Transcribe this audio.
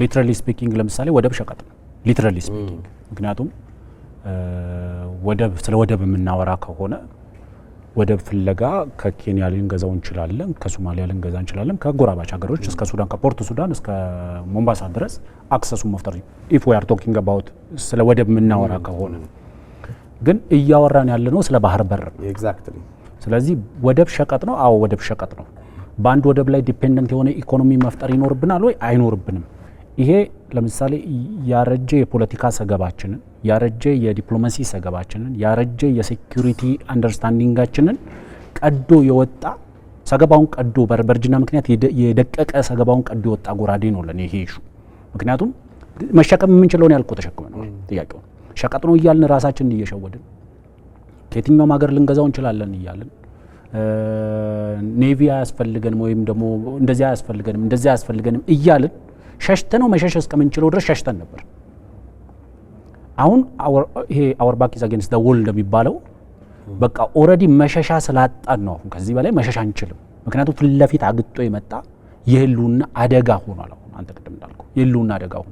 ሊትራሊ ስፒኪንግ ለምሳሌ ወደብ ሸቀጥ ነው። ሊትራሊ ስፒኪንግ ምክንያቱም ወደብ ስለ ወደብ የምናወራ ከሆነ ወደብ ፍለጋ ከኬንያ ልንገዛው እንችላለን፣ ከሶማሊያ ልንገዛ እንችላለን፣ ከጎራባች ሀገሮች እስከ ሱዳን ከፖርት ሱዳን እስከ ሞምባሳ ድረስ አክሰሱን መፍጠር ኢፍ ዊ አር ቶኪንግ አባውት ስለ ወደብ የምናወራ ከሆነ ግን እያወራን ያለ ነው ስለ ባህር በር። ስለዚህ ወደብ ሸቀጥ ነው። አዎ ወደብ ሸቀጥ ነው። በአንድ ወደብ ላይ ዲፔንደንት የሆነ ኢኮኖሚ መፍጠር ይኖርብናል ወይ? አይኖርብንም። ይሄ ለምሳሌ ያረጀ የፖለቲካ ሰገባችንን፣ ያረጀ የዲፕሎማሲ ሰገባችንን፣ ያረጀ የሴኩሪቲ አንደርስታንዲንጋችንን ቀዶ የወጣ ሰገባውን ቀዶ በእርጅና ምክንያት የደቀቀ ሰገባውን ቀዶ የወጣ ጎራዴ ነው ለኔ ይሄ ሹ። ምክንያቱም መሸከም የምንችለውን ተሸክመ ነው ጥያቄው ሸቀጥ ነው እያልን ራሳችንን እየሸወድን ከየትኛውም ሀገር ልንገዛው እንችላለን እያልን ኔቪ አያስፈልገንም ወይም ደግሞ እንደዚያ አያስፈልገንም እንደዚያ አያስፈልገንም እያልን ሸሽተነው መሸሽ እስከምንችለው ድረስ ሸሽተን ነበር። አሁን ይሄ አወር ባክ ኢዝ አጌንስት ዘ ወል እንደሚባለው በቃ ኦልሬዲ መሸሻ ስላጣን ነው። አሁን ከዚህ በላይ መሸሻ አንችልም። ምክንያቱም ፊት ለፊት አግጦ የመጣ የህልውና አደጋ ሆኗል። አሁን አንተ ቅድም እንዳልከው የህልውና አደጋ ሆኗል።